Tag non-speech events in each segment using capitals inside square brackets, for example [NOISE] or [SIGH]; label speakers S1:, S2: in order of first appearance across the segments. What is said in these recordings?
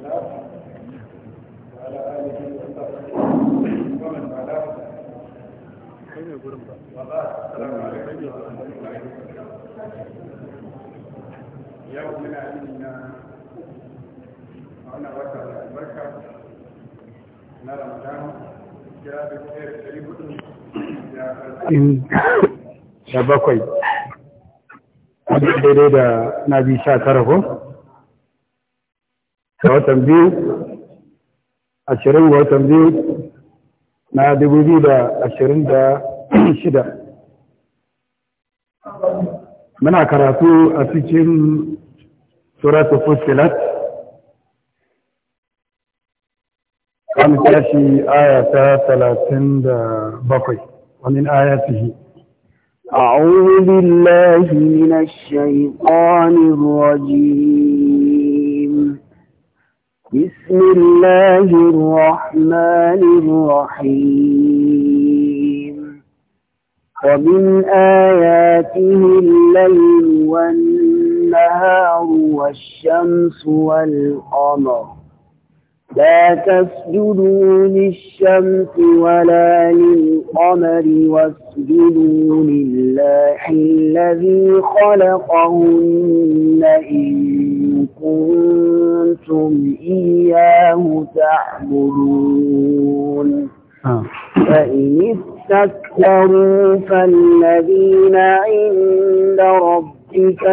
S1: yau muna da kere dari daidai da na bi sha tara ko? da watan biyu ashirin ga watan biyu na dubu biyu da ashirin da shida muna karatu a cikin suratu fusilat an tashi aya ta talatin da bakwai ومن آياته
S2: أعوذ بالله من الشيطان الرجيم بسم الله الرحمن الرحيم ومن آياته الليل والنهار والشمس والقمر لا تسجدوا للشمس ولا للقمر واسجدوا لله الذي خلقهن إن كنتم إياه تعبدون آه. فإن استكبروا فالذين عند ربك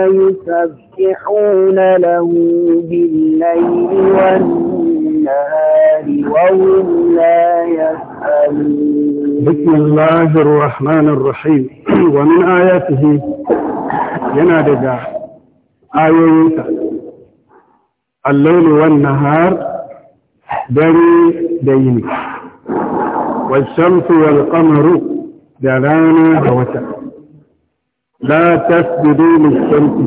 S2: يسبحون له بالليل والنهار وهم لا يسألون
S1: بسم الله الرحمن الرحيم [CLEARS THROAT] ومن آياته ينادى آيات الليل والنهار دري ديني والشمس والقمر جلانا هوتا لا تسجدوا للشمس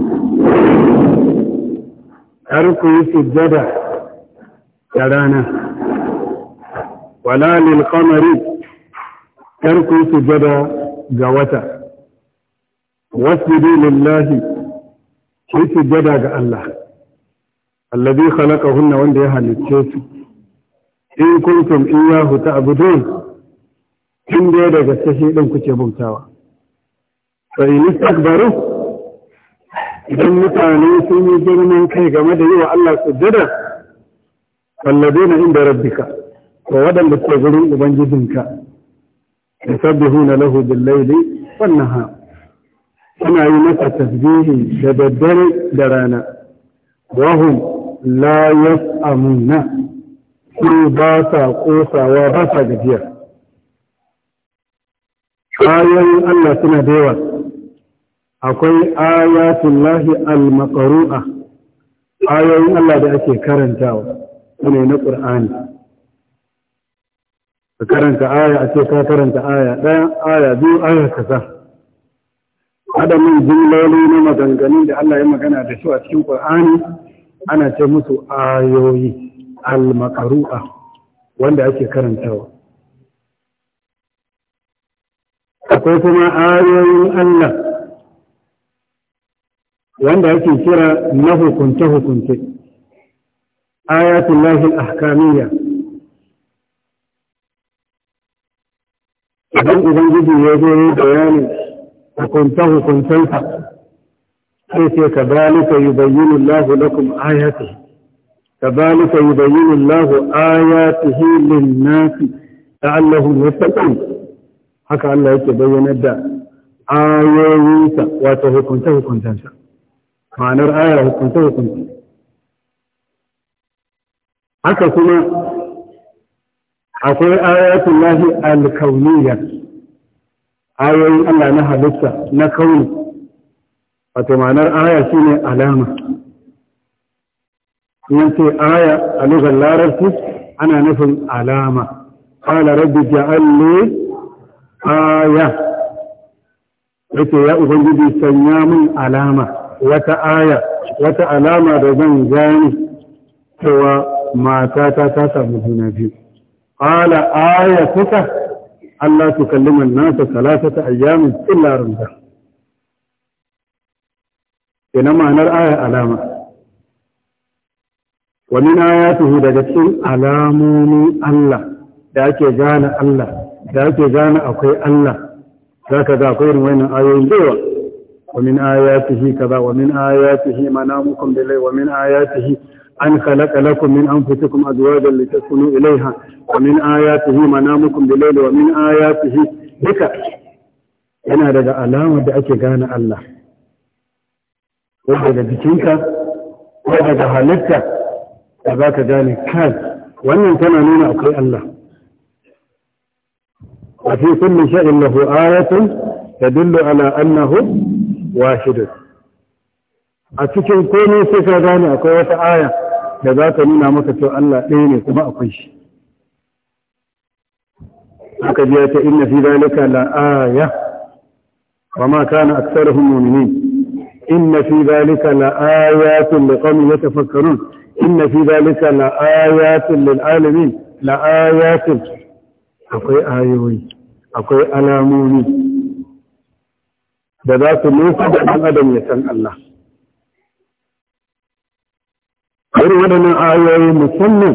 S1: أركوا سجدا da rana wala lil qamari tarku sujada ga wata wasjudu lillahi ki sujada ga Allah allazi khalaqahunna wanda ya halicce su in kuntum iyyahu ta'budun in dai daga sashi din kuke bautawa fa in idan mutane sun yi girman kai game da yi wa Allah sujada wallazina inda rabbika to waɗanda ke gurin ubangijinka yusabbihuna lahu bil layli wan nahar suna yi masa tasbihi da daddare da rana wahum la yas'amuna su ba sa kosawa ba sa gajiya ayoyin Allah suna da yawa akwai ayatul lahi al-maqru'a ayoyin Allah da ake karantawa ne na ƙur'ani ka karanta aya a ce ka karanta aya ɗaya aya biyu aya kasa adamin jimloli na maganganun da Allah ya magana da shi a cikin ƙur'ani ana ce musu ayoyi al wanda ake karantawa akwai kuma ayoyin Allah wanda ake kira na hukunce-hukunce آيات الله الأحكامية إذن إذن جدي يجري بيان وكنته كنتيت حيث كذلك يبين الله لكم آياته كذلك يبين الله آياته للناس لعلهم يتقون حكى الله يتبين الدعاء آيات وتهو كنته كنتيت معنى الآية كنته كنتيت haka kuma akwai ayatul lahi al ayoyin Allah na halitta na kauni wato ma'anar aya shine alama in ce aya a lugar larabci ana nufin alama qala rabbi ja'alni aya yake ya ubangiji sanya min alama wata aya wata alama da zan gani cewa matata ta samu juna biyu qala ayatuka Allah tukallima an-nasa talatata ayyamin illa ramzan ina ma'anar aya alama wa min ayatihi daga cikin alamomi Allah da ake gane Allah da ake gane akwai Allah zaka ga akwai irin wannan ayoyin dawa wa min ayatihi kaza wa min ayatihi manamukum bilay wa min ayatihi An أن خلق لكم من أنفسكم أزواجا لتسكنوا إليها ومن آياته منامكم بالليل ومن آياته Duka yana daga alamar da ake gane Allah ko da jikinka ko daga halitta da za ka gane kai. wannan tana nuna akwai Allah a fi kullum sha'in lahu ayatun tadullu ala annahu wahidun a cikin komai sai ka gane akwai wata aya da za ta nuna maka cewa Allah ɗaya ne kuma akwai shi aka biya ta inna fi zalika la aya wa ma kana aktsaruhum mu'minin inna fi zalika la ayatun liqaumin yatafakkarun inna fi zalika la ayatun lil alamin la ayatun akwai ayoyi akwai alamomi da za su nufa da ɗan adam ya san Allah irin waɗannan ayoyi musamman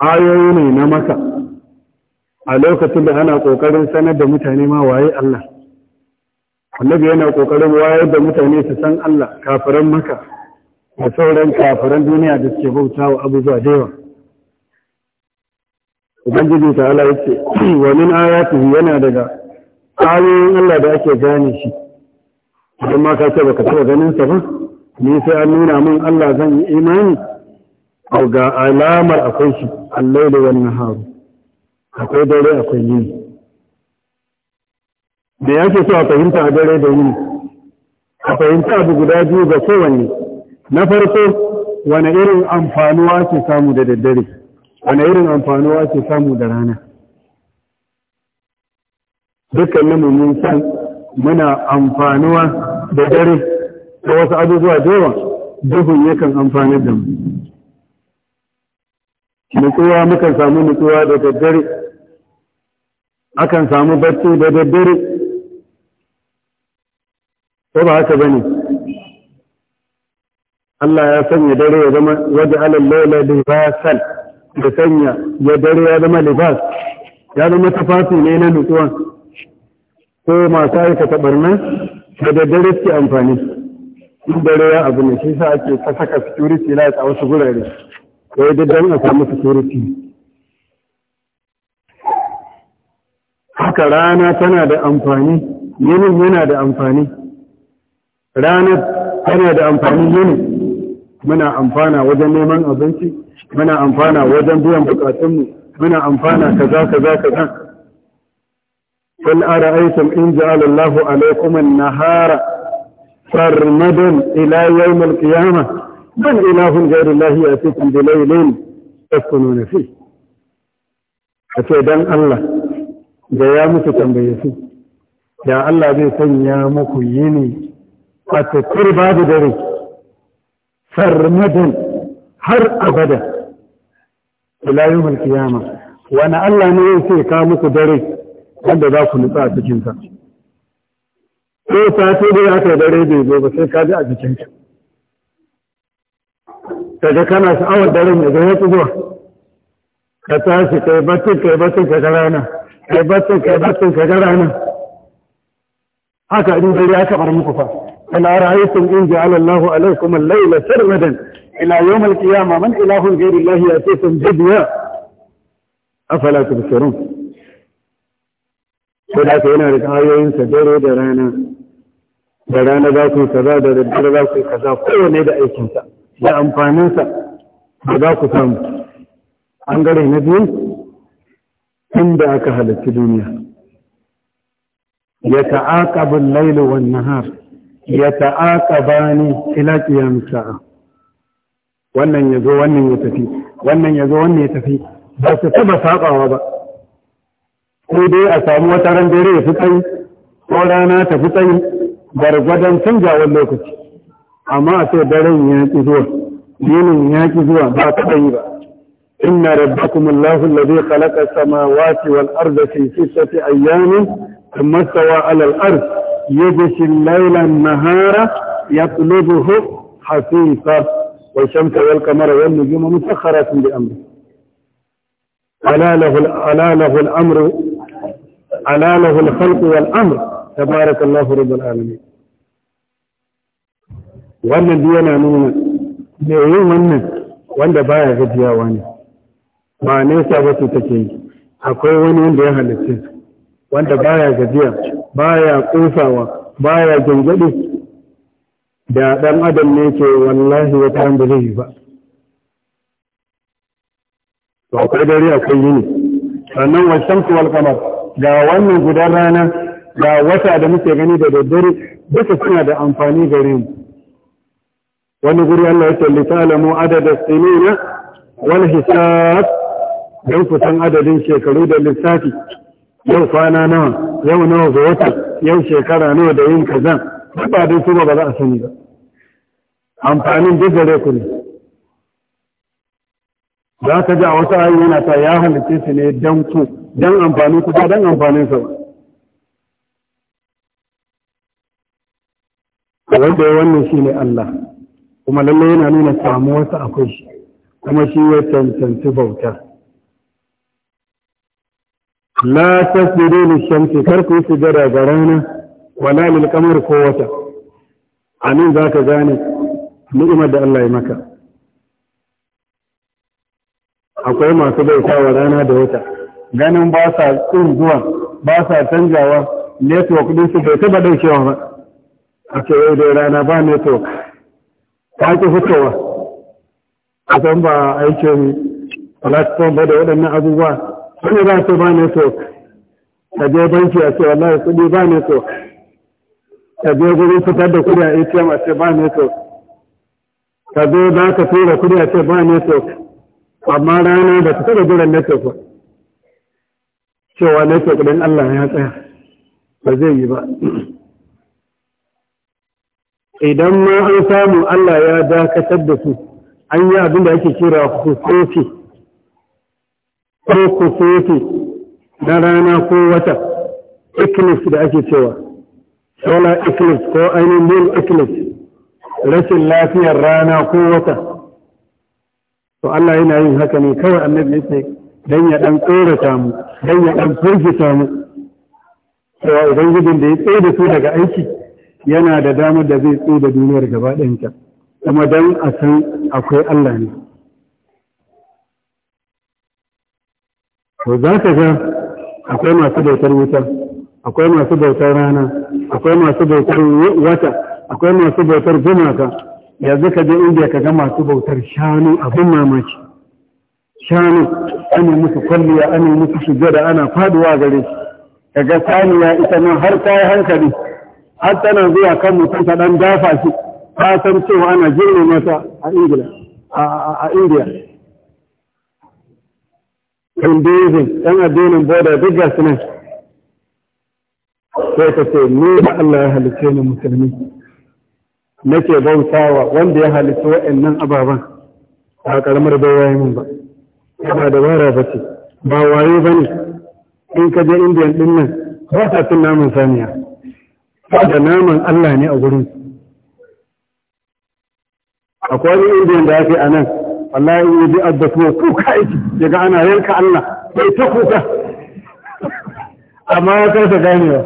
S1: ayoyi ne na maka a lokacin da ana ƙoƙarin sanar da mutane ma waye Allah annabi yana ƙoƙarin wayar da mutane su san Allah kafiran maka da sauran kafiran duniya da suke bauta wa abubuwa da yawa ubangiji ta ala yace wa min ayatihi yana daga ayoyin Allah da ake gane shi idan ma ka ce baka taɓa ganin sa ba ni sai an nuna min Allah zan yi imani to ga alamar akwai shi Allah da wannan haru akwai dare akwai yini da yake so a fahimta a dare da yini a fahimta abu guda biyu ga kowanne na farko wani irin amfanuwa ke samu da daddare wani irin amfanuwa ke samu da rana Dukkan mun san muna amfanuwa da dare da wasu abubuwa da yawa duhun yakan amfani da mu nutsuwa mukan samu nutsuwa da daddare akan samu barci da daddare ko ba haka ba ne? Allah ya sanya dare ya zama waje alal laila libasan da sanya ya dare ya zama libas ya zama tufafi ne na nutsuwa ko masu aikata barna da daddare suke amfani in dare ya abu ne shi sa ake ta saka security light a wasu gurare ko da dan a samu security haka rana tana da amfani yinin yana da amfani rana tana da amfani yinin muna amfana wajen neman abinci muna amfana wajen biyan bukatunmu muna amfana kaza kaza kaza قل أرأيتم إن جعل الله عليكم النهار سرمد إلى يوم القيامة من إله غير الله يأتيكم بليل تسكنون فيه أتيدان الله جاء مكو تنبيسي يا الله بي سنيا مكو يني فتكر بعد دري سرمدا هر أبدا إلى يوم القيامة وأنا الله نيسي كامكو دري عند ذاك نبقى تجنسا ko sati ne ya kai dare bai zo ba sai ka ji a jikinka kaga kana sha'awar daren ya zo ya zuwa ka tashi kai batun kai batun ka gara nan kai batun kai batun ka gara nan haka in dare aka bar muku fa kana ra'aytum in ja'ala Allahu alaykum al-layla sarmadan ila yawm al-qiyamah man ilahun ghayru Allah yatikum bidiya afala tubsirun ko da yana da ayoyin sa dare da rana da rana za ku yi kaza da daddare za ku yi kaza kowane da aikinsa da amfaninsa da za ku samu An gare na biyu inda aka halarci duniya ya ta'aqabul lailu wan nahar ya ta'aqabani ila qiyam sa'a wannan yazo wannan ya tafi wannan yazo wannan ya tafi ba su taba sabawa ba ko dai a samu wata ran dare ya fi tsayi ko rana ta fi tsayi gwargwadon canjawar lokaci amma sai daren ya ƙi zuwa yinin ya ƙi zuwa ba taɓa yi ba إن ربكم الله الذي خلق السماوات والأرض في ستة أيام ثم استوى على الأرض يجشي الليل النهار يطلبه حثيثا والشمس والقمر والنجوم مسخرات بأمره ألا له ألا له الأمر ألا له الخلق والأمر تبارك الله رب العالمين wannan duk yana nuna me yin wannan wanda baya gajiyawa ne ba nesa ba su take yi akwai wani wanda ya halitta wanda baya gajiya baya kosawa baya gangaɗe da ɗan adam ne ke wallahi wata an da zai ba to akwai dare akwai yini sannan wasan kuwal kamar ga wannan gudan rana ga wata da muke gani da daddare duka suna da amfani gare mu wani guri Allah ya talli alamu adada sinina wal hisab dan kusan adadin shekaru da lissafi yau kwana nawa yau nawa ga wata yau shekara nawa da yin kaza ba dai kuma ba za a sani ba amfanin duk gare ku ne za ka ji a wata ayyana ta ya halitta su ne dan ku dan amfanin ku ba dan amfanin sa ba wanda ya wannan shi ne Allah kuma lallai yana nuna samuwarsa akwai shi kuma shi ya cancanci bauta la tasbiru lil kar ku yi sujada ga rana wala lil qamar ko wata za zaka gane ni'imar da Allah ya maka akwai masu bauta wa rana da wata ganin ba sa tsin zuwa ba sa canjawa network din su bai taba daukewa ba a ce yau da rana ba network ta ki fitowa a san ba aikin platform ba da waɗannan abubuwa wani za su ba network ka je banki a ce wallahi kuɗi ba network ka je gurin fitar da kuɗi a atm a ce ba network ka zo za ka tura kuɗi a ce ba network amma rana da ta taɓa jiran network ba cewa network ɗin Allah ya tsaya ba zai yi ba idan ma an samu Allah ya dakatar da su an yi abin da ake kira kusofi ko kusofi na rana ko wata eclipse da ake cewa solar eclipse ko ainihin moon eclipse rashin lafiyar rana ko wata to Allah yana yin haka ne kawai annabi ya ce dan ya dan tsorata mu dan ya dan furgita mu cewa ubangijin da ya tsaye da su daga aiki yana da damar da zai tsoda duniyar gaba ɗayanta kuma don a san akwai Allah ne to za ka ga akwai masu bautar wuta akwai masu bautar rana akwai masu bautar wata akwai masu bautar gumaka yanzu ka je inda ka ga masu bautar shanu abin mamaki shanu ana musu kwalliya ana musu shiga da ana faduwa gare shi ka ga saniya ita nan har ta hankali har tana zuwa kan mutum ta dan dafa shi ta san cewa ana jirgin mata a ingila a indiya dozin yan addinin boda duk gasu nan sai ta ce ni da allah ya halice ni musulmi nake bautawa wanda ya halitta wa'annan ababen ba karamar baiwa yi min ba ba dabara ba ce ba waye ba ne in ka je indiyan din nan ba ta tun namun saniya da naman Allah ne a gurin akwai wani indiyan da fi a nan Allah ya yi bi'ar da kuma kuka yake ya ga ana yanka Allah bai ta kuka amma ya karsa ganewa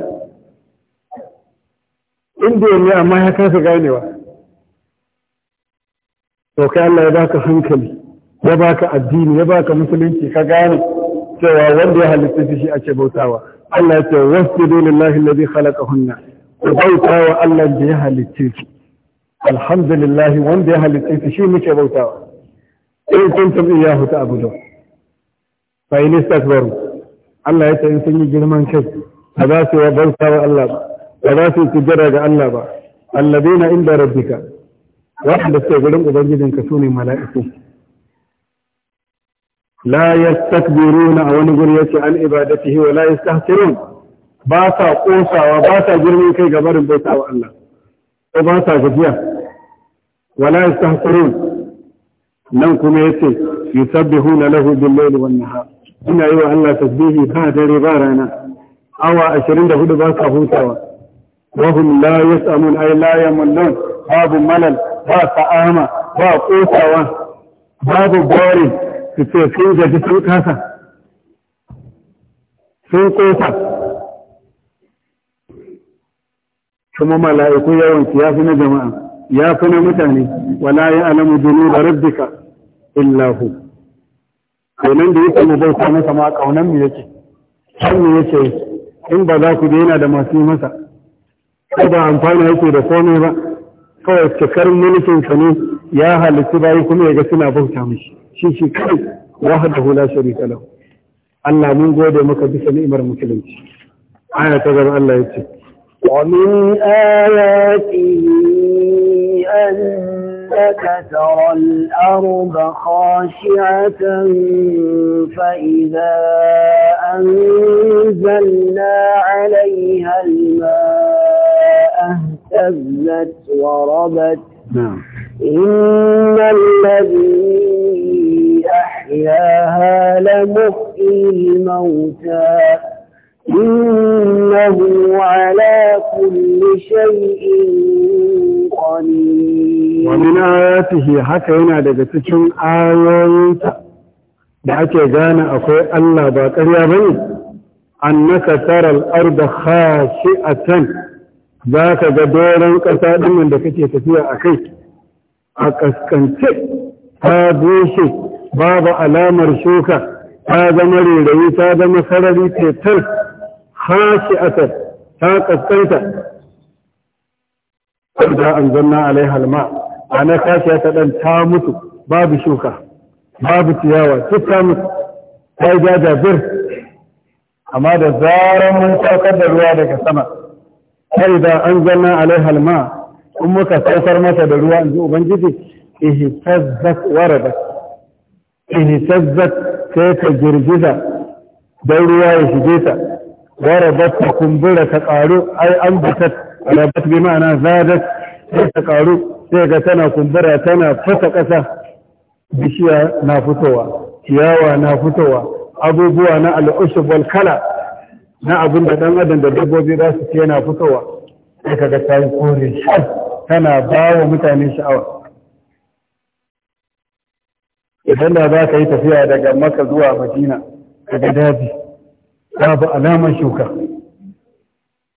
S1: indiyan ne amma ya karsa ganewa to kai Allah ya baka hankali ya baka addini ya baka musulunci ka gane cewa wanda ya halitta shi ake bautawa Allah ya ce wasu lillahi alladhi khalaqahunna ku bauta wa Allah da ya halitte ku alhamdulillah wanda ya halitte ku shi muke bautawa in kuntum iyyahu ta'budun fa in istakbaru Allah ya ce in sun yi girman kai ba za su yi bauta wa Allah ba ba za su tijara ga Allah ba alladina inda rabbika waɗanda suke gurin mala'iku la yastakbiruna a wani yace an ibadatih wa la yastahsirun ba sa ƙosawa ba sa girman kai ga barin bai wa Allah ko ba sa gajiya wala yastahsirun nan kuma yace yusabbihuna lahu bil layli wan nahar ina yi wa Allah tasbihi ba dare ba rana awa ashirin 24 ba sa hutawa wa hum la yasamun ay la babu malal ba sa'ama ba ƙosawa
S2: babu gori su ce sun gaji sun kasa
S1: sun kosa kuma mala'iku yawanci ya fi na jama'a ya fi na mutane wala ya alamu dunu da rabbika illahu kenan da yake mai bauta masa ma kaunan mu yake san mu yake in ba za ku je yana da masu yi masa ko ba amfani yake da komai ba kawai cikar mulkin sa ne ya halitta bayi kuma ya ga suna bauta mishi shi shi kai wahdahu la sharika lahu Allah mun gode maka bisa ni'imar musulunci ayata ta Allah ya ce
S2: ومن آياته أنك ترى الأرض خاشعة فإذا أنزلنا عليها الماء اهتزت وربت نعم. إن الذي أحياها لمحيي الموتى إنه على كل شيء قدير
S1: ومن آياته حكى هنا دقتكم آيات دعك جانا أخوي الله باقر يا بني أنك ترى الأرض خاشئة ذاك جدورا قصاد من دكتي تفيا أخي أكسكن أكسكنت تابوشي باب ألامر شوكا هذا مريض هذا مسرد تتلك khashi'atan ta kaskanta da anzanna alaiha alma ana ta dan ta mutu babu shuka babu ciyawa duk ta mutu ta yi amma da zarar mun saukar da ruwa daga sama kai da anzanna alaiha alma in muka saukar masa da ruwa in ji ubangiji ihtazzat waradat ihtazzat sai ta girgiza don ruwa ya shige ta warabat ta kumbura ta ƙaru, ai an batat rabat bi ma'ana zadat sai ta ƙaru, sai ga tana kumbura tana fasa ƙasa bishiya na fitowa ciyawa na fitowa abubuwa na al'ushub wal kala na abinda da dan adam da dabbobi za su ce yana fitowa sai kaga ta yi kore tana ba wa mutane sha'awa idan da za ka yi tafiya daga maka zuwa madina daga daji babu alamar shuka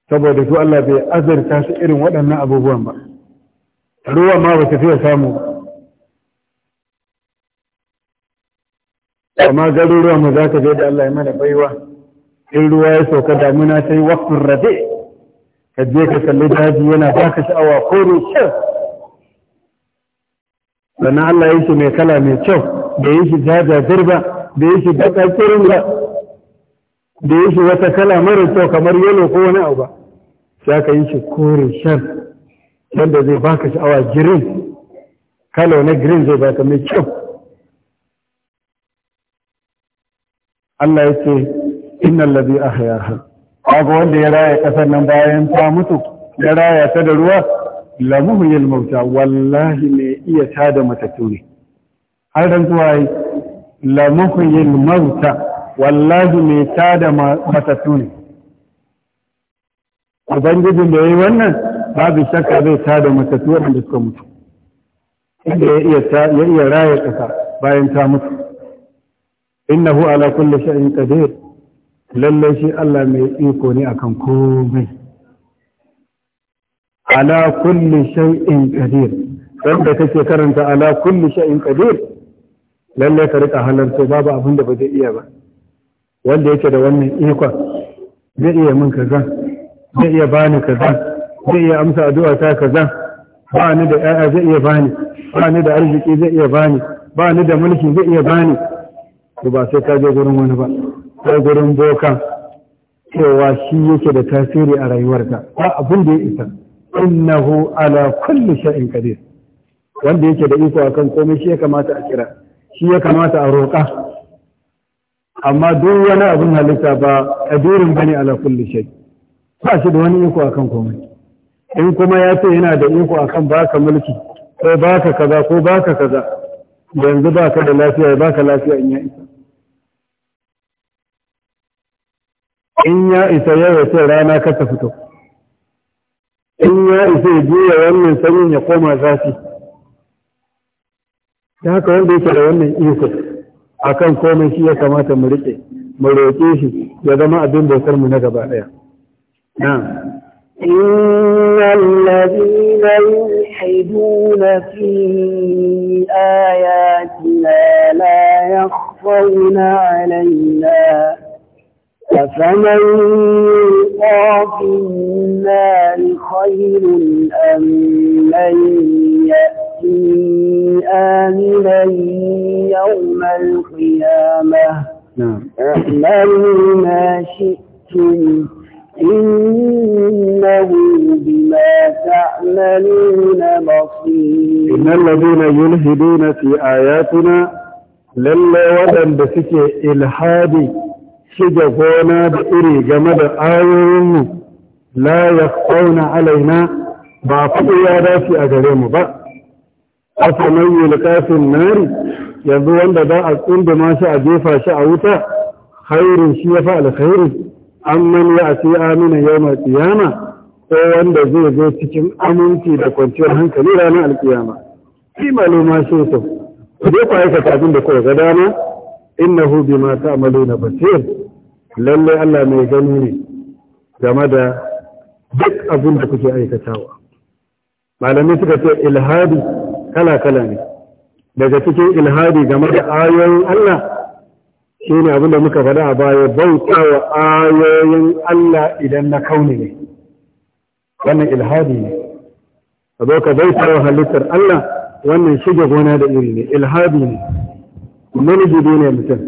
S1: saboda su Allah bai azarta su irin waɗannan abubuwan ba ruwa ma ba tafiya samu amma garuruwa mu za ka je da Allah ya mana baiwa in ruwa ya sauka damuna ta yi waktun rabe ka je ka kalli daji yana ba ka sha'awa ko kyau. sannan Allah ya yi shi mai kala mai kyau da ya shi jaja zirba da ya shi daga kirin ba da yake wata kala mara kyau kamar yalo ko wani abu ba sai ka yi shi kore shan yadda zai baka sha'awa girin kala na girin zai baka mai kyau Allah ya ce innal ladhi ahyaha ga wanda ya raya kasar nan bayan ta mutu ya raya ta da ruwa lamuhu yin mauta wallahi ne iya tada matattu ne har dan zuwa lamuhu yin mauta wallahi mai ta da matattu ne ubangijin da ya yi wannan babu shakka zai ta da matattu waɗanda suka mutu inda ya iya raya ƙasa bayan ta mutu innahu ala kulli sha'in qadir Lallai shi Allah mai iko ne akan komai ala kulli shay'in qadir wanda kake karanta ala kulli sha'in qadir Lallai ka rika halarta babu abin da ba zai iya ba wanda yake da wannan ikon zai iya min kaza zai iya bani kaza zai iya amsa addu'a ta kaza ba ni da ƴaƴa zai iya bani ba ni da arziki zai iya bani ba ni da mulki zai iya bani to ba sai ka je gurin wani ba sai gurin boka cewa shi yake da tasiri a rayuwarka ba abin da ya isa innahu ala kulli shay'in qadir wanda yake da iko akan komai shi ya kamata a kira shi ya kamata a roƙa amma duk wani abin halitta ba a kadirin bane ala kulli shay ba shi da wani iko akan komai in kuma ya ce yana da iko akan baka mulki ko baka kaza ko baka kaza yanzu baka da lafiya baka lafiya in ya isa in ya isa ya ce rana ka ta fito in ya isa ya juya wannan sanyin ya koma zafi ta haka wanda yake da wannan iko akan komai shi ya kamata mu riƙe mu roƙe shi ya zama abin bautar mu na gaba ɗaya
S2: إن الذين يلحدون في آياتنا لا يخفون علينا أفمن يلقى في النار خير أم من يأتي اعملوا ما شئتم إنه بما تعملون بصير إن الذين
S1: يلهدون في آياتنا lalle waɗanda suke ilhadi shiga gona da iri game da ayoyinmu la ya fauna alaina ba faɗi ya dace a gare mu ba asa mai yulkafin nari yanzu wanda za a tsunduma shi a jefa shi a wuta Hairin shi ya fa alkhairi amman ya ati amina yawmal qiyama ko wanda zai zo cikin aminci da kwanciyar hankali ranar alkiyama shi maluma shi to dai ku aikata abin da kowa ga dama innahu bima ta'maluna basir lalle Allah mai gani ne game da duk abin da kuke aikatawa malamai suka ce ilhadi kala kala ne daga cikin ilhadi game da ayoyin Allah shi ne abinda muka faɗa a baya bauta wa ayoyin Allah idan na kauni ne wannan ilhadi ne a zo ka bauta wa halittar Allah wannan shiga gona da iri ne ilhadi ne maniji ne mutum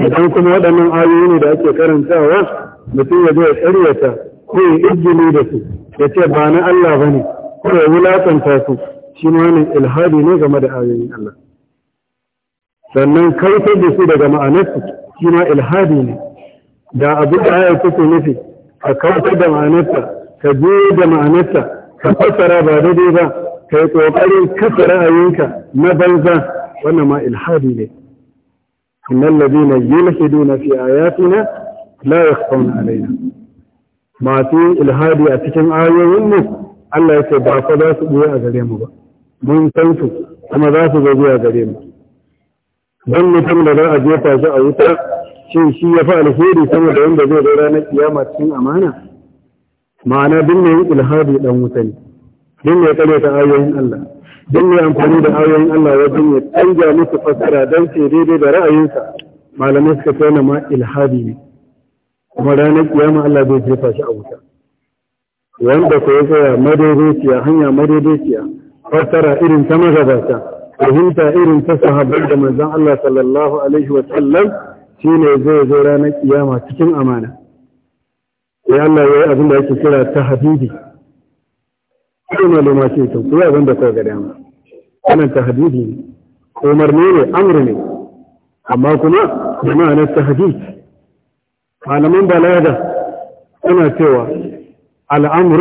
S1: idan kuma waɗannan ayoyi ne da ake karantawa mutum ya zo ya karyata ko ya izgili da su ya ce ba na Allah ba ne ko ya wulakanta su shi ne wannan ilhadi ne game da ayoyin Allah sannan kautar da su daga ma'anarsu shi ma ilhadi ne da abin da ayar take nufi a kautar da ma'anarsa ka je da ma'anarsa ka fassara ba daidai ba ka yi ƙoƙarin kasa ra'ayinka na banza wannan ma ilhadi ne innal ladina yulhiduna fi ayatina la yakhfawna alaina masu ilhadi a cikin ayoyin mu Allah ya ce ba fa za su buya a gare mu ba mun san su kuma za su zo a gare mu don mutum da za a jefa shi a wuta shin shi ya fi alheri sama da wanda zai da na kiyama cikin amana ma'ana duk mai ilhadi dan wuta ne duk mai ta ayoyin Allah duk mai amfani da ayoyin Allah wajen ya canja musu fassara don ce daidai da ra'ayinsa malamai suka ce na ma ilhadi ne kuma ranar kiyama Allah zai jefa shi a wuta wanda ko ya tsaya madaidaiciya hanya madaidaiciya fassara irin ta magabata وهم تائر انتسها بعد ما زعل صلى الله عليه وسلم سين يزور زورانا قياما تكن أمانا يا الله يا أبن الله كسيرا تحديدي كما لما شئتم يا أبن الله كوغر يا أمان أنا تحديدي أمرني أمرني أما كما كما أنا التحديد على من بلادة أنا سوى على أمر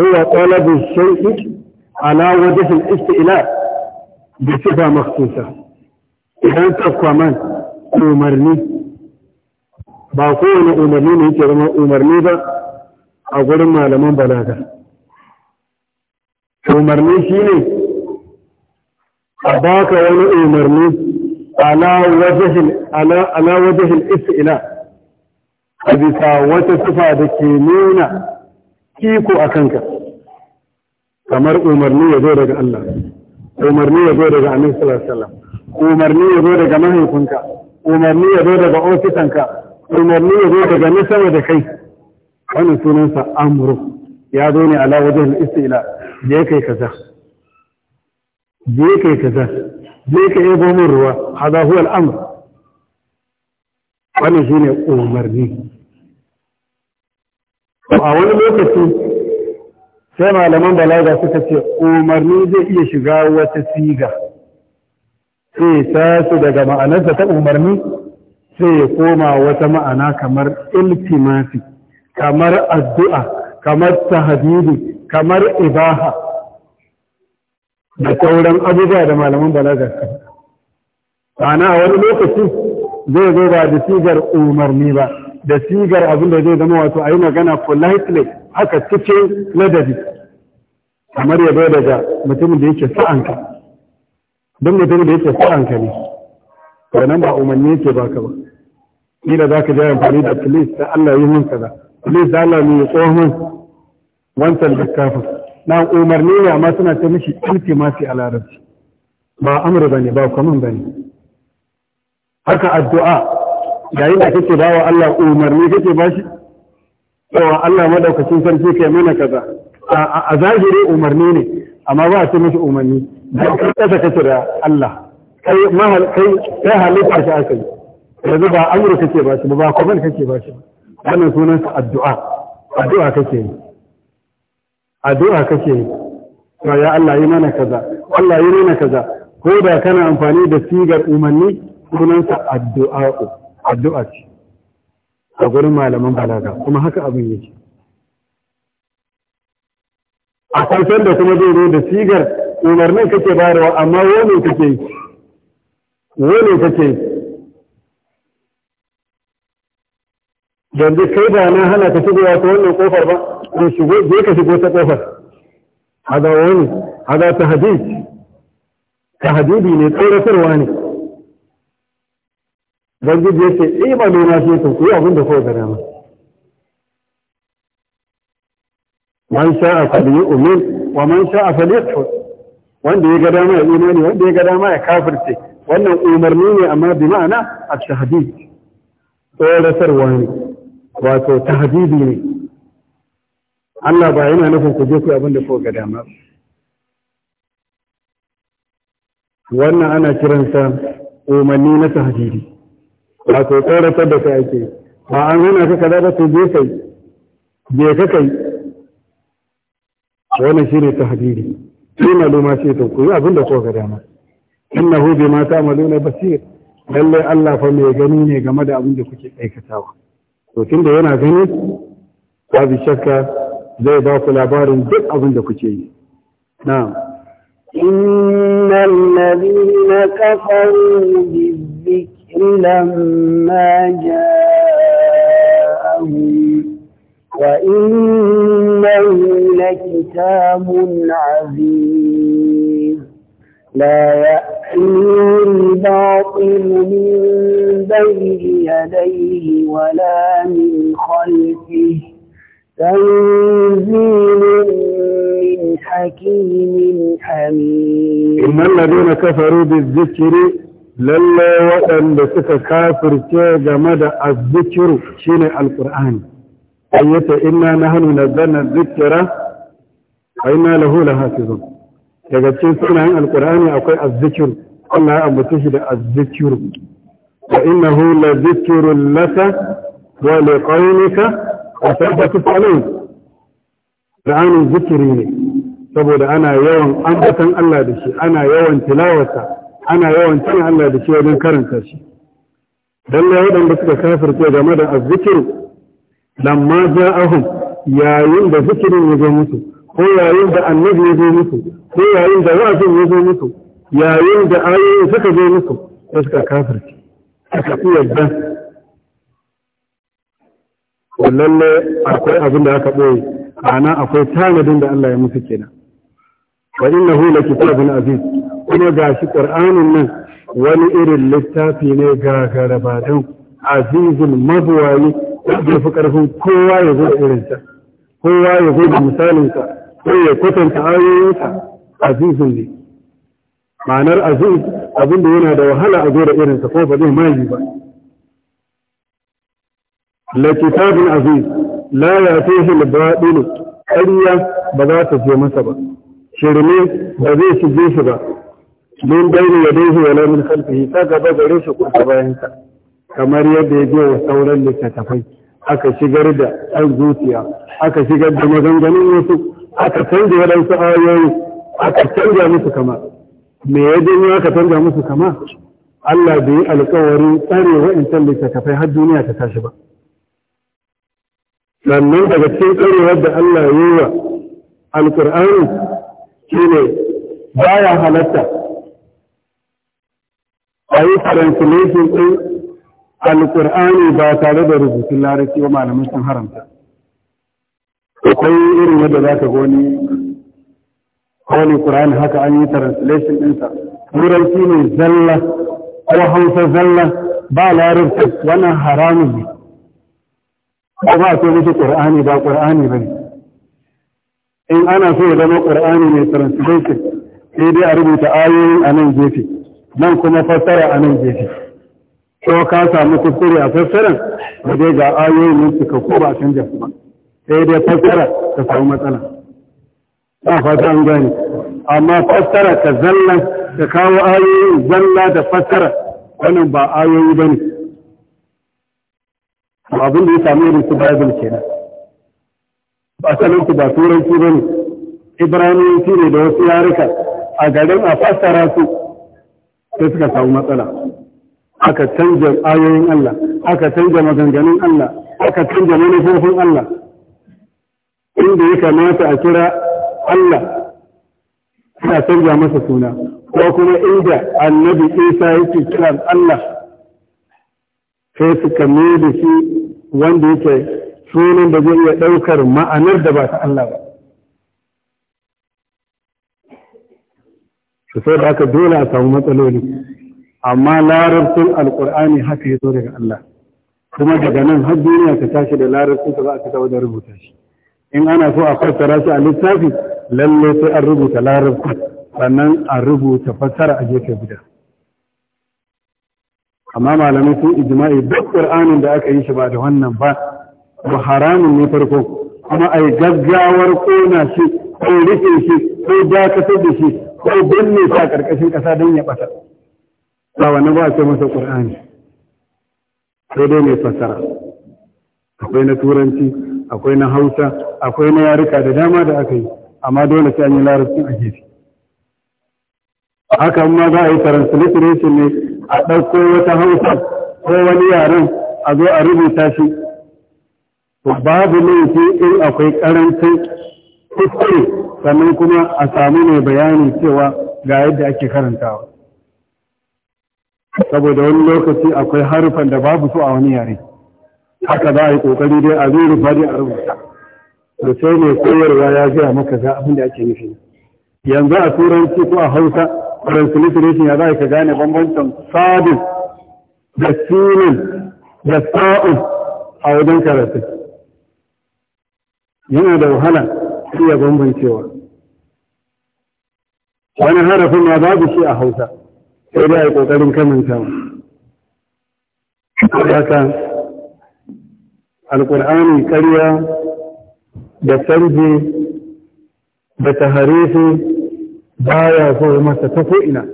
S1: هو طلب الشيء على وجه الاستئلال da sifa makhsusa idan man umarni ba kowane umarni ne ke zama umarni ba a gurin malaman balaga umarni shi ne a baka wani umarni ala wajahin is'ila a bisa wata sifa da ke nuna kiko a kanka kamar umarni ya zo daga Allah umarni ya zo daga annabi sallallahu alaihi wasallam umarni ya zo daga mahaifinka umarni ya zo daga ofisanka umarni ya zo daga na da kai Wani sunansa amru ya zo ne ala wajen istila je kai kaza je kai kaza je ka ebo min ruwa hada huwa al'amr Wani shine umarni a wani lokaci sai malaman balaga suka ce umarni zai iya shiga wata siga sai tasu daga ma'anarsa ta umarni sai ya koma wata ma'ana kamar iltimasi kamar addu'a kamar tahadidi kamar ibaha da sauran abubuwa da malaman balaga su ana wani lokaci zai zo ba da sigar umarni ba da sigar abin da zai zama wato a yi magana politely haka cikin ladabi kamar bai daga mutumin da yake sa'anka don mutumin da yake sa'anka ne nan ba umarni yake baka ba kila za ka ji amfani da police da Allah yi mun kaza police da Allah ne ya tsohon wancan da kafin na umarni ne amma suna ta mishi iltimasi masu larabci ba amur ne ba ba ne haka addu'a yayin da kake bawa Allah umarni kake bashi cewa Allah madaukakin sarki kai mana kaza a zahiri umarni ne amma ba a ce mishi umarni da kasa kake da Allah kai mahal kai kai halitta shi aka yi yanzu ba amur kake bashi ba kuma kake bashi wannan sunan sa addu'a addu'a kake yi addu'a kake yi ya Allah yi mana kaza Allah yi mana kaza ko da kana amfani da sigar umarni sunansa addu'a addu'a ce a gurin malaman balaga kuma haka abin yake a karshen da kuma zai da sigar umarnin kake bayarwa amma wani kake wani kake yanzu kai ba na hana ka shigowa ta wannan kofar ba ko shigo je ka shigo ta kofar hada wani hada ta hadid ta hadidi ne tsoratarwa ne ubangiji ya ce ɗiba eh, nuna shi ku yi abin da kawai gare ma man sha a fali umir wa man sha a fali wanda ya gada ma ya imani wanda ya gada ma ya kafirce wannan umarni ne amma bi ma'ana a shahadid tsoratarwa ne wato tahdidi ne Allah ba yana nufin ku je ku abin da kawai gada ma. wannan ana kiransa umarni na tahdidi wato tsoratar da kai ake ba an zana ka kaza ba to je kai je ka kai wannan shine luma ce to ku yi abin da kowa ga dama innahu bima ta'maluna basir lallai Allah fa mai gani ne game da abin da kuke aikatawa to tunda yana gani bi shakka zai ba ku labarin duk abin da kuke yi na'am
S2: إن الذين كفروا بالذكر لما جاءهم وإنه لكتاب عزيز لا يأتيه الباطل من بين يديه ولا من خلفه تنزيل من حكيم حميد إن الذين كفروا
S1: بالذكر lalle waɗanda suka kafirce game da azzikiru shine alqur'ani ayyata inna nahnu nazzalna dhikra wa inna lahu lahafizun daga cikin sunayen alqur'ani akwai azzikiru Allah ya ambace shi da azzikiru wa innahu la dhikrun laka wa liqaumika wa sawfa tus'alun qur'ani zikiri ne saboda ana yawan ambatan Allah da shi ana yawan tilawarsa ana yawan cin Allah da cewa wajen karanta shi dan ne waɗanda suka kafirce game da azzikir lamma ja'ahum yayin da zikirin ya zo musu ko yayin da annabi ya zo musu ko yayin da wa'azin ya zo musu yayin da ayoyi suka zo musu sai suka kafirce Aka fi yadda wannan ne akwai abin da aka ɓoye ana akwai tanadin da Allah ya musu kenan wa innahu lakitabun aziz kuma gashi ƙur'anin nan wani irin littafi ne ga garabatan azizin mabuwayi da fi ƙarfin kowa ya zo da irinsa kowa ya zo da misalinsa ko ya kwatanta ayoyinsa azizun ne ma'anar aziz abinda yana da wahala a zo da irinsa ko ba zai mayi ba lakitabin aziz la yatihi al-batil ƙarya ba za ta je masa ba shirme ba zai shige shi ba min bayni yadayhi wa la min khalfihi ta gaba gare shi kuma bayan sa kamar yadda ya biyo wa sauran littattafai aka shigar da an zuciya aka shigar da maganganun wasu aka canza waɗansu ayoyi aka canza musu kama me ya janyo aka canza musu kama Allah bai yi alkawarin tsare wa'incan littattafai har duniya ta tashi ba sannan daga cikin tsarewar da Allah ya yi wa alkur'ani shine baya halatta a yi translation ɗin alƙur'ani ba tare da rubutun larabci ba malamai sun haramta akwai irin yadda za ka gani wani ƙur'ani haka an yi translation ɗinsa turanci ne zalla ko hausa zalla ba larabci wannan haramun ne ko ba ce mishi ƙur'ani ba ƙur'ani ba ne in ana so ya zama ƙur'ani ne translation sai dai a rubuta ayoyin a nan gefe nan kuma fassara a nan gefe ko ka samu kuskure a fassara da dai ga ayoyin suka ko ba canja kuma ba sai dai fassara ka samu matsala ba fata an gani amma fassara ka zalla ka kawo ayoyin zalla da fassara wannan ba ayoyi ba ne abin da ya samu irin su bible kenan ba sanin ku ba turanci ba ne ibraniyanci ne da wasu yaruka a garin a fassara su sai suka samu matsala aka canja ayoyin Allah aka canja maganganun Allah aka canja manufofin Allah inda ya kamata a kira Allah suna canja masa suna ko kuma inda annabi Isa yake kira Allah sai suka mai da shi wanda yake sunan da zai iya ɗaukar ma'anar da ba ta Allah ba to sai da aka dole a samu matsaloli amma larabcin alkur'ani haka ya zo daga Allah kuma daga nan har duniya ta tashi da larabcin ta za a fita wajen rubuta shi in ana so a fassara shi a littafi lalle sai an rubuta larabci sannan a rubuta fassara a gefe guda amma malamai sun ijma'i duk qur'anin da aka yi shi ba da wannan ba ba haramun ne farko kuma ai gaggawar kona shi ko rufe shi ko dakatar da shi ko binne sa karkashin kasa don ya ɓata ba wani ba ce masa ƙur'ani sai dai mai fasara akwai na turanci akwai na hausa akwai na yarika da dama da aka yi amma dole sai an yi larabcin a gefe haka ma za a yi transliteration ne a ɗauko wata hausa ko wani yaren a zo a rubuta shi babu laifi in akwai ƙarancin kuskure sannan kuma a samu mai bayani cewa ga yadda ake karantawa saboda wani lokaci akwai harufan da babu so a wani yare haka za a yi kokari dai a zuru fari a rubuta da sai mai koyarwa ya gaya maka ga abin da ake nufi yanzu a turanci ko a hausa translation ya za ka gane bambancin sabin da sinin da sa'un a wajen karatu yana da wahala iya bambancewa wani harafin ma babu shi a hausa sai da ya ƙoƙarin kamantawa
S2: haka
S1: alƙur'ani ƙarya da sarje da taharifi ba ya so masa ta ko'ina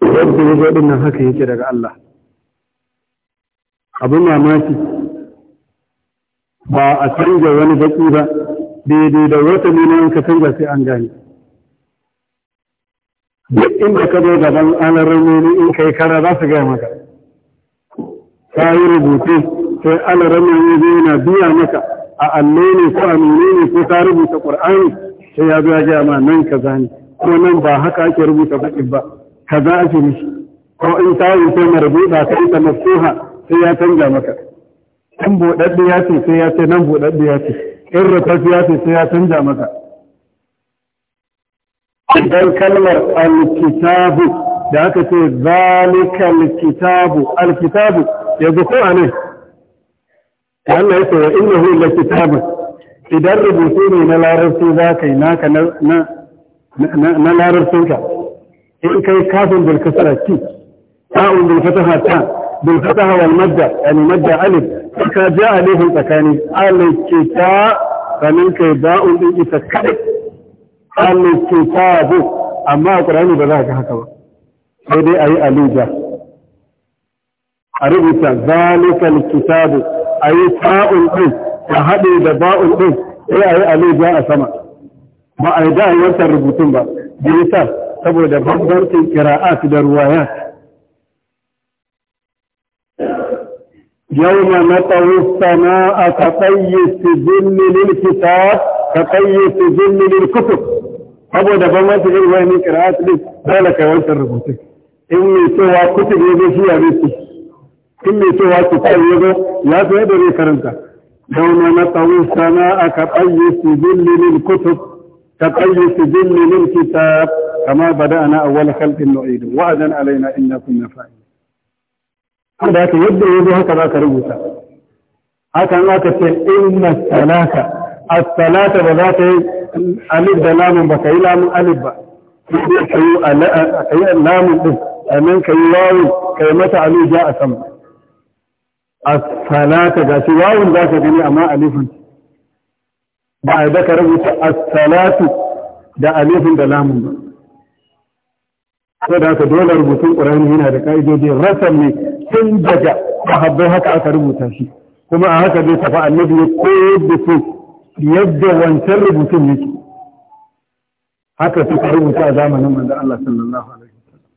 S1: yadda ya zaɗin nan haka yake daga Allah abin mamaki ba a canza wani baƙi ba daidai da wata ne ka canza sai an gane duk inda ka zo gaban ne in kai kara za su gaya maka ta yi rubutu sai ne zai yana biya maka a allo ne ko a ne ko ta rubuta ƙur'ani sai ya biya gaya ma nan ka ne ko nan ba haka ake rubuta baƙin ba ka a ce mishi ko in ta yi sai marubuta ka ita mafsuha sai ya canza maka nan ya ce sai ya ce nan buɗaɗɗe ya ce in rufafi ya sai ya canja maka idan kalmar alkitabu da aka ce zalika alkitabu alkitabu ya ko a nan Allah ya ce wa innahu lakitabun idan rubutu ne na larabci za ka yi naka na larabcinka in kai kafin bilkasara ki ta'un bilfataha ta بالفتح والمدة يعني مدة ألف فكا جاء عليه التكاني الكتاب فمنك باء الإنجي الكتاب أما القرآن بذلك هكذا هذه أي أليجة أربط ذلك الكتاب أي تاء الإنج فهدي بباء الإنج أي أي أليجة أسمع ما أيضا ينسى الربطين بقى جيسا saboda كراءات دروايات يوم نطوي السماء كطي السجل للكتاب كطي السجل للكتب أبو دفع ما تقول وين قراءات لي ذلك وانت الربوتك إني سوى كتب يجي فيها بيتي إني سوى كتاب يجي لا تقدر يكرمك يوم نطوي السماء كطي السجل للكتب كطي السجل للكتاب كما بدأنا أول خلق نعيد وعدا علينا إنا كنا فاعلين
S2: da haka yadda
S1: ya zo haka za ka rubuta haka in aka ce inna salata as-salata ba za ta yi alif da lamun ba ka yi lamun alif ba sai ka yi lamun din sannan ka yi wawu ka yi mata alif ja a sama as-salata ga shi wawun za ka gani amma alifin ba a da ka rubuta as-salatu da alifin da lamun ba da haka dole rubutun ƙur'ani yana da ka'idodi rasan ne tun daga sahabbai haka aka rubuta shi kuma a haka zai tafi annabi ya koyar da su yadda wancan rubutun yake haka ka rubuta a zamanin manzo Allah sallallahu alaihi wasallam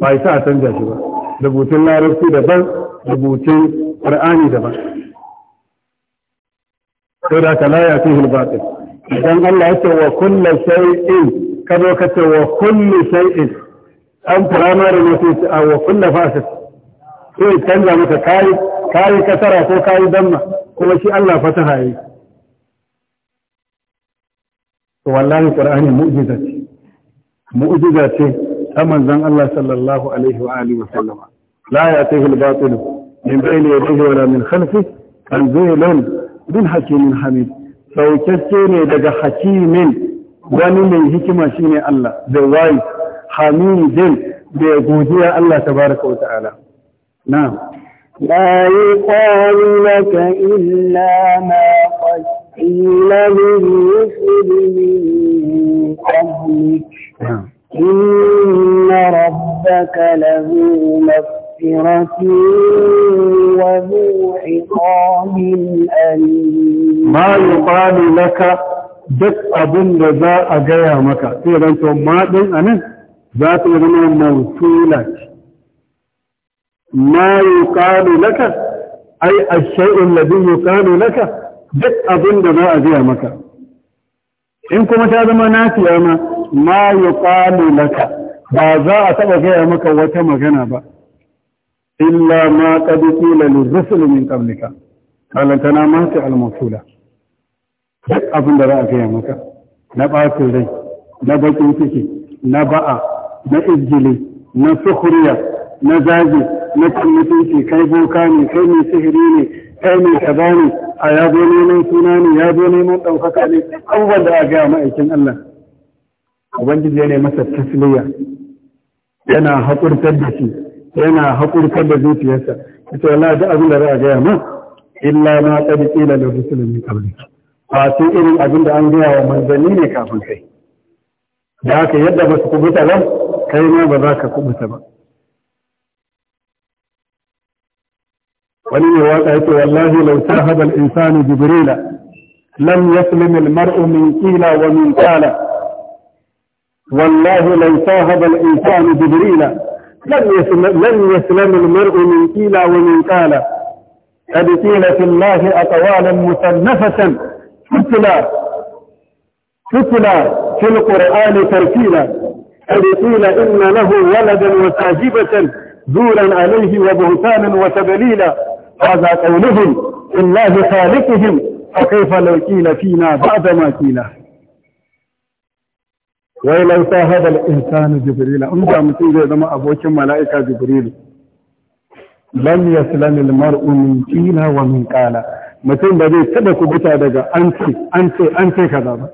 S1: ba isa a canja shi ba rubutun larabci daban rubutun qur'ani daban sai da ka laya fi hilbatin idan Allah ya ce wa kullu shay'in kazo ka ce wa kullu shay'in an firamare ne sai a wa kulla fasit sai canza maka kayi kasara ko kayi damma kuma shi Allah fataha yi to wallahi qur'ani mu'jiza ce mu'jiza ce ta manzon Allah sallallahu alaihi wa alihi wa sallam la ya'tihi al-batil min bayni yadihi la min khalfi tanzilun min hakimin hamid ce ne daga hakimin wani mai hikima shine Allah the wise حميد بأجوديها الله تبارك وتعالى نعم
S2: لا يقال لك إلا ما قد قيل به خذ من قبلك نعم. إن ربك له مغفرة وذو عقاب أليم
S1: ما يقال لك دك أبن رزاء جاء مكة ما أدن أنت za su zama mausula ce ma yuqalu laka ai a ash-shay'u alladhi yuqalu laka duk abin da za a gaya maka in kuma ta zama nafiya ma ma yuqalu laka ba za a taba gaya maka wata magana ba illa ma qad qila lirrusul min qablika kalantana ma ta al-mawsula duk abin da za a gaya maka na ɓacin rai na baƙin ciki na ba'a na izgili na sukhriya na zagi na mutunci kai boka ne kai mai sihiri ne kai mai kaza ne a ya zo neman suna ne ya zo neman ɗaukaka ne abubuwan da a gaya ma'aikin Allah ubangiji ya ne masa tasliya yana haƙurtar da shi yana haƙurtar da zuciyarsa ita wala da abin da za a gaya ma illa ma qad qila li rusulin min qablik ba sai irin abin da an gaya wa manzanni ne kafin kai da haka yadda ba su kubuta ba kai ma ba za ka kubuta ba wani ne waka yake wallahi lau sahaba al-insanu jibrila lam yaslim al-mar'u min qila wa min qala wallahi lau sahaba al-insanu jibrila لم يسلم, لم يسلم المرء من قيل ومن قال قد قيل في الله أطوالا مصنفة تتلى تتلى في القرآن ترتيلا أن يقول إن له ولدا وساجبة دولا عليه وبهتانا وتبليلا هذا قولهم الله خالقهم فكيف لو قيل فينا بعد ما قيل ولو صاهد الإنسان جبريل أمجع مسيح إذا ما أبوش ملائكة جبريل لم يسلم المرء من قيل ومن قال مثل بذي سبك بتا أنت أنت أنت كذا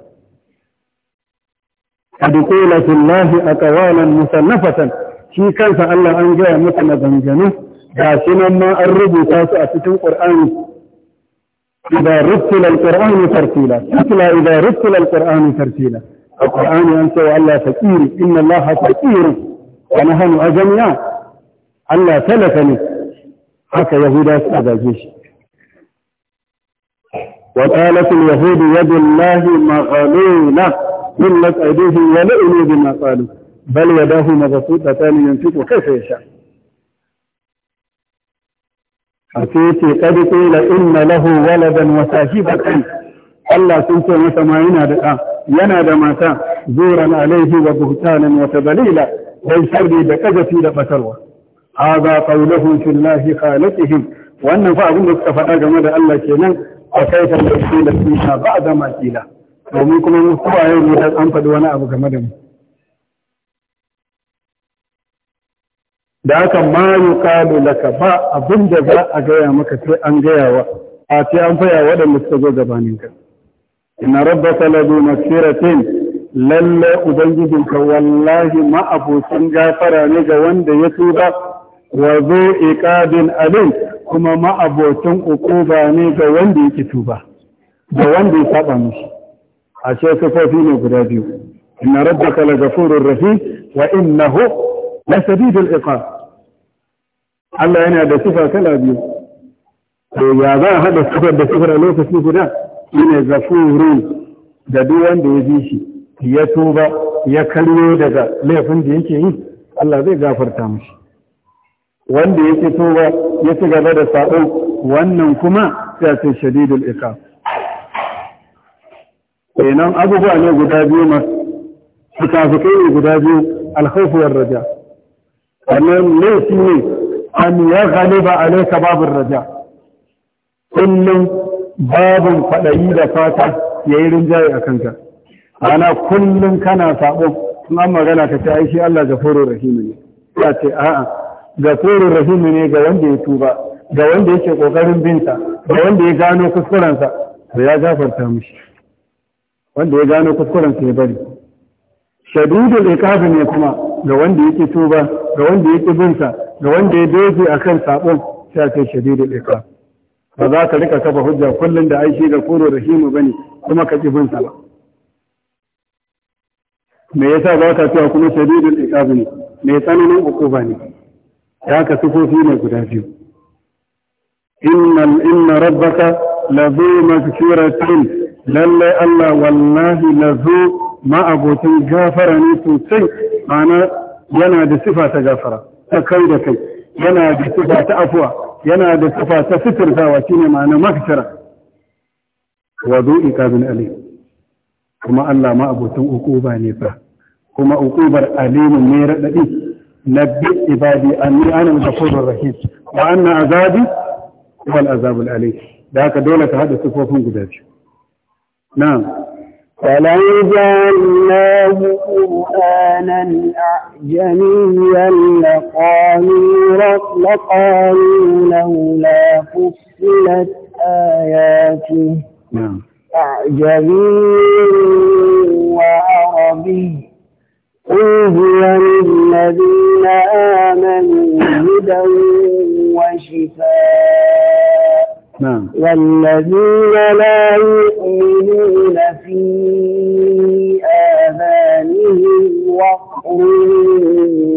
S1: أدخول في الله أقوانا مسنفة في كانت الله أنجا مثل زنجنه لكن ما أرغي تاسع في القرآن إذا رسل القرآن ترتيلا تتلى إذا رسل القرآن ترتيلا القرآن أنت وألا فكير إن الله فكير ونهن أجميع ألا ثلثني حكى يهودا سعد الجيش وقالت اليهود يد الله مغلولة قلت أيديه ولئني بما قالوا بل يداه مبسوطة ثاني ينفق كيف يشاء حقيقي قد قيل إن له ولدا وساهبة ألا كنت متماينا دقاء ينادى ماتا زورا عليه وبهتانا وتبليلا ويسردي بكذا في لبتلوة هذا قوله في الله خالتهم وأن فأقول لك فأقول الله كينا وكيف يكون لك بعد ما قيل domin kuma mu kuma yau ne an faɗi wani abu game da mu da haka ma kalu laka ba abin da za a gaya maka sai an gaya wa a ce an faya waɗanda suka zo gabanin ka Ina rabbaka ladu masiratin lalle ubangijinka wallahi ma abokin gafara ne ga wanda ya tuba wa zo iqadin alim kuma ma abokin ukuba ne ga wanda yake tuba
S2: da wanda ya
S1: saba mishi a ce ne guda biyu inna rabbaka la ghafurur rahim wa innahu la sadidul iqab Allah yana da sifa kala biyu to ya za a hada sifar da sifar a lokaci guda shine ghafuru da duk wanda ya ji shi ya tuba ya karyo daga laifin da yake yi Allah zai gafarta mishi wanda yake tuba ya ci gaba da sabon wannan kuma sai ce shadidul iqab kenan abubuwa ne guda biyu masu fikafikai ne guda biyu al'haifuwar raja sannan laifi ne an ya galiba alaika babin raja kullum babin kwaɗayi da fata ya yi rinjaye a kanka ana kullum kana sabo in an magana ka ce aishi Allah ga Foro rahimu ne ya ce a'a Foro rahimu ne ga wanda ya tuba ga wanda yake kokarin binta, ga wanda ya gano kuskurensa to ya gafarta mishi wanda ya gano kuskuren sai bari shadidul iqab ne kuma ga wanda yake tuba ga wanda yake bin sa ga wanda ya doge akan sabon sai kai shadidul iqab ba za ka rika kafa hujja kullun da shi da kuro rahimu bane kuma ka ki bin sa ba me yasa ba ka cewa kuma shadidul iqab ne me tsananin ukuba ne ya ka sifofi ne guda biyu inna inna rabbaka la bi maghfiratin lallai Allah wallahi lazu ma abokin gafara ne sosai ana yana da sifa ta gafara ta kai da kai yana da sifa ta afuwa yana da sifa ta fitirtawa shine ma'ana makshara wa zu'i kabin alim kuma Allah ma abokin ukuba ne fa kuma ukubar alimin ne radadi nabbi ibadi anni ana al rahim wa anna azabi wal azabul alim da haka dole ka haɗa sifofin guda biyu نعم
S2: ولو جعلناه قرآنا أعجميا لقالوا لقالوا لولا فصلت آياته نعم أعجمي وعربي قل هو للذين آمنوا هدى وشفاء نعم والذين لا يؤمنون في آذانهم وقر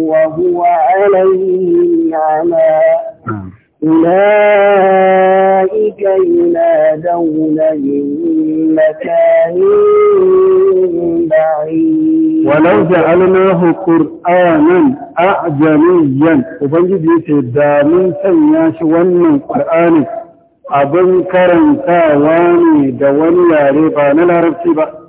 S2: وهو عليهم عمى نعم. أولئك ينادون من مكان بعيد ولو جعلناه قرآنا
S1: أعجميا وبنجد يتدامن سنياش ونن قرآنه abin karantawa ne da wani yare ba na larabci ba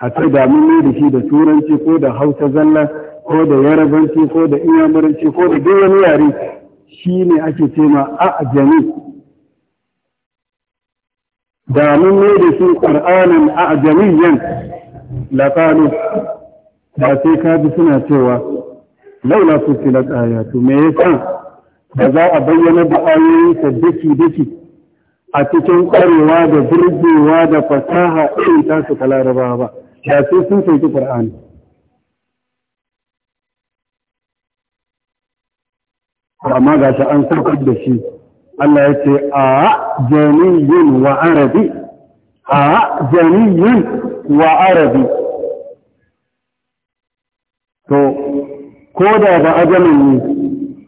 S1: a ce damu ne da shi da turanci ko da hausa zalla ko da yarabanci ko da inyamuranci ko da duk wani yare shi ne ake ce ma a ajami damu ne da shi ƙar'anin a ajamiyan laƙalu ba sai ka ji suna cewa laula fusilat ayatu me yasa da za a bayyana da ayoyinsa daki-daki a cikin ƙwarewa da burgewa da fasaha irin tasu ta laraba ba da sai sun sauki ƙur'ani amma ga ta an saukar da shi Allah ya ce a janiyin wa arabi a janiyin wa arabi to ko da ba a ne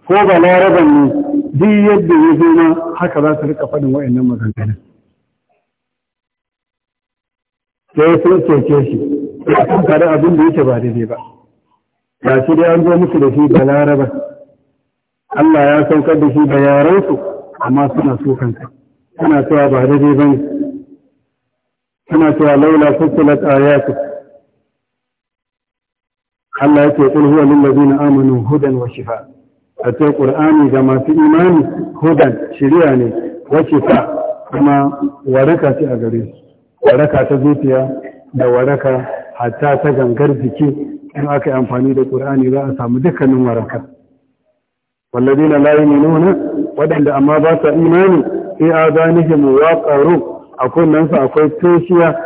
S1: ko ba laraban ne duk yadda ya zo na haka za su rika faɗin wa'annan maganganun sai sun soke shi ya sun kare abin da yake ba daidai ba ga shi dai an zo musu da shi da laraban Allah ya saukar da shi da yaransu amma suna sukanta suna cewa ba daidai ba ne suna cewa laula fukulat su. Allah ya ce, huwa lullabi na amanu hudan wa shifa' a ce ƙur'ani ga masu imani hudan shirya ne wace fa kuma waraka ce a gare waraka ta zuciya da waraka hatta ta gangar jiki in aka yi amfani da ƙur'ani za a samu dukkanin waraka والذين لا amma ba sa imani ايماني في اذانهم واقر اكون nan su akwai toshiya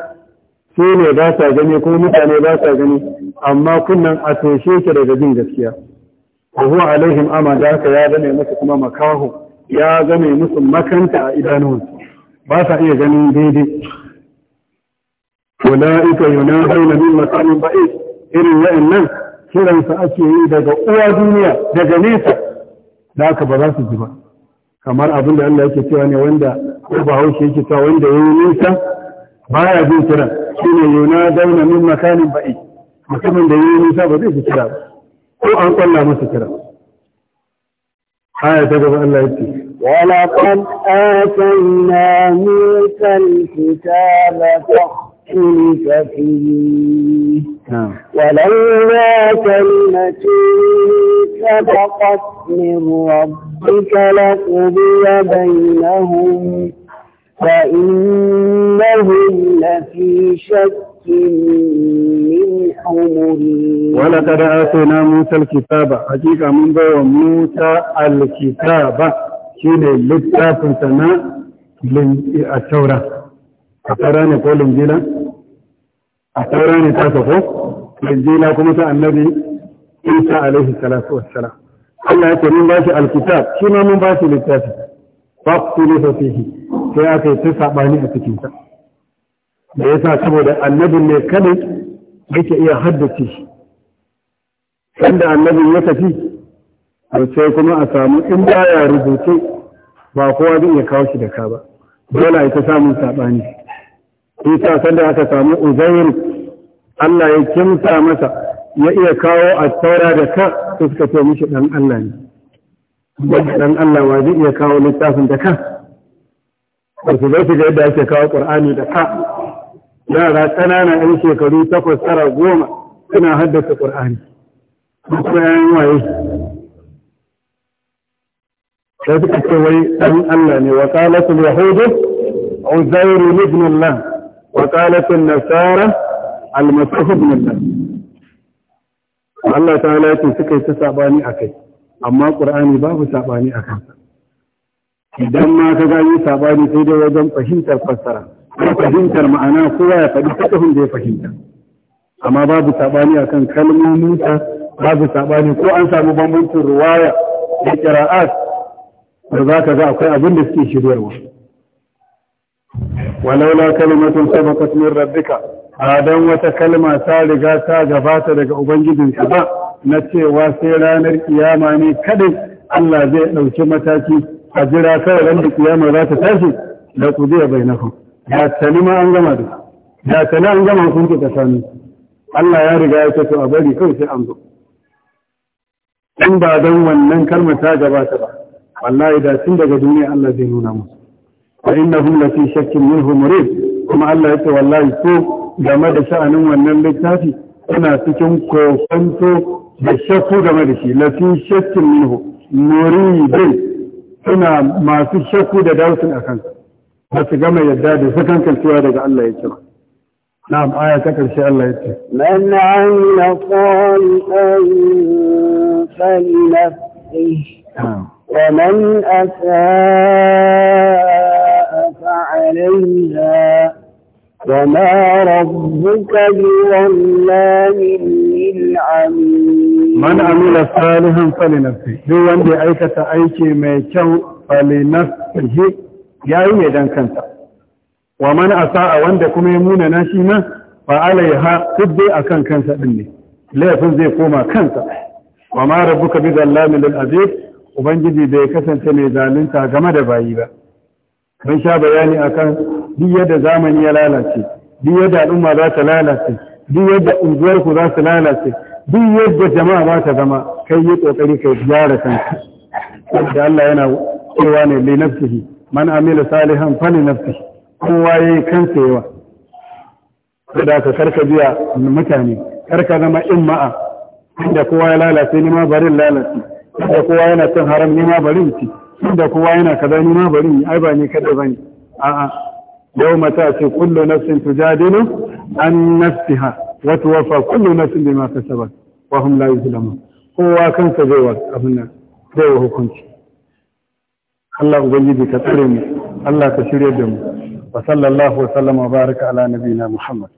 S1: su ne ba sa gani ko mutane ba sa gani amma kunnan a toshe ki daga jin gaskiya wa huwa alaihim ama haka ya zame musu kuma makahu ya zame musu makanta a idanunsu ba sa iya ganin daidai ulaika yunahawna min makamin ba'id irin wa'annan kiransa ake yi daga uwa duniya daga nesa da haka ba za su ji ba kamar abin da Allah yake cewa ne wanda ko ba haushe yake cewa wanda yayi nisa baya jin kiran shine yunadawna min makanin ba'id mutumin da yayi nisa ba zai ji kira ba ko an kwalla masa kira. Haya ta gaba Allah ya
S2: Wala kan aikan na mutan fita da kwa ولولا كلمة سبقت من ربك wala ka da aso na
S1: musa alkitaba hakika mun bai wa musa alkitaba shi ne littafin sana a taura a taura ne ko linjila a taura ne ta sako linjila kuma ta annabi isa alaihi salatu wassalam Allah ya ce mun ba shi alkitab shi ma mun ba shi littafi fa kulu fa fihi sai aka yi ta sabani a cikin sa da yasa saboda annabin ne kadai yake iya haddace shi sanda annabin ya tafi a sai kuma a samu in baya rubuce ba kowa zai iya kawo shi da ka ba dole ita samun sabani isa sanda aka samu uzair Allah ya kimsa masa ya iya kawo a taura da ka su suka ce mishi dan Allah ne dan Allah ma zai iya kawo littafin da ka ba su zai shiga yadda ake kawo ƙur'ani da ka yara ƙanana yan shekaru takwas tara goma suna haddasa ƙur'ani kuma yayin waye sai suka ce wai ɗan Allah ne wa qalatul yahudu uzair ibn Allah wa qalatul nasara al-masih ibn Allah Allah ta'ala ya ce suka yi ta sabani kai, amma ƙur'ani babu sabani akan idan ma ka gani yi sabani sai dai wajen fahimtar fassara ko fahimtar ma'ana kowa ya faɗi faɗin da ya fahimta amma babu saɓani a kan kalmominsa babu saɓani ko an samu bambancin ruwaya da ƙira'at da za ka ga akwai abin da suke shiryarwa walaula kalmatun sabaqat min rabbika adan wata kalma ta riga ta gabata daga ubangijin ka ba na cewa sai ranar kiyama ne kadai Allah zai ɗauki mataki a jira kawai ran kiyama za ta tashi da ku zai bai da tani ma an gama duka da tani an gama hukunci tsakanin Allah ya riga ya ce to a bari kai sai an zo in ba don wannan kalmar ta gabata ba wallahi da tun daga duniya Allah zai nuna musu wa innahum la fi shakkin minhu murid kuma Allah ya ce wallahi ko game da sha'anin wannan littafi ina cikin kokonto da shakku game da shi la fi shakkin minhu muridin ina masu shakku da a akan بس su gama yadda da sakankancewa نعم آية شاء الله يتي
S2: من عمل صالحا فلنفسه نعم. ومن أساء فعليها وما ربك بظلام للعميد من عمل
S1: صالحا فلنفسه دو وندي أيكة أيكي ميكو فلنفسه ya yi ne dan kansa wa mana a sa'a wanda kuma ya muna na shi ma ha alaiha duk kan kansa ɗin ne laifin zai koma kansa wa ma rabbuka bi zallamin lil aziz ubangiji bai kasance mai zalunta game da bayi ba kan sha bayani akan duk yadda zamani ya lalace duk yadda al'umma za ta lalace duk yadda unguwar za su lalace duk yadda jama'a za ta zama kai yi kokari kai gyara kanka da Allah yana cewa ne li nafsihi man amila salihan fali nafsi kowa ya yi kansa yawa da ka karka biya mutane karka zama in ma'a inda kowa ya lalace ni ma barin lalace inda kowa yana cin haram ni ma barin ci inda kowa yana kaza ni ma barin yi ai ba ni kada bane a'a yau mata ce kullu nafsin tujadilu an nafsiha wa tuwaffa kullu nafsin bima kasabat wa hum la yuzlamun kowa kansa zai wa abin nan zai hukunci Allah ubangiji ka tsare mu Allah ka shirya da mu wa sallallahu wa sallama baraka ala nabiyina Muhammad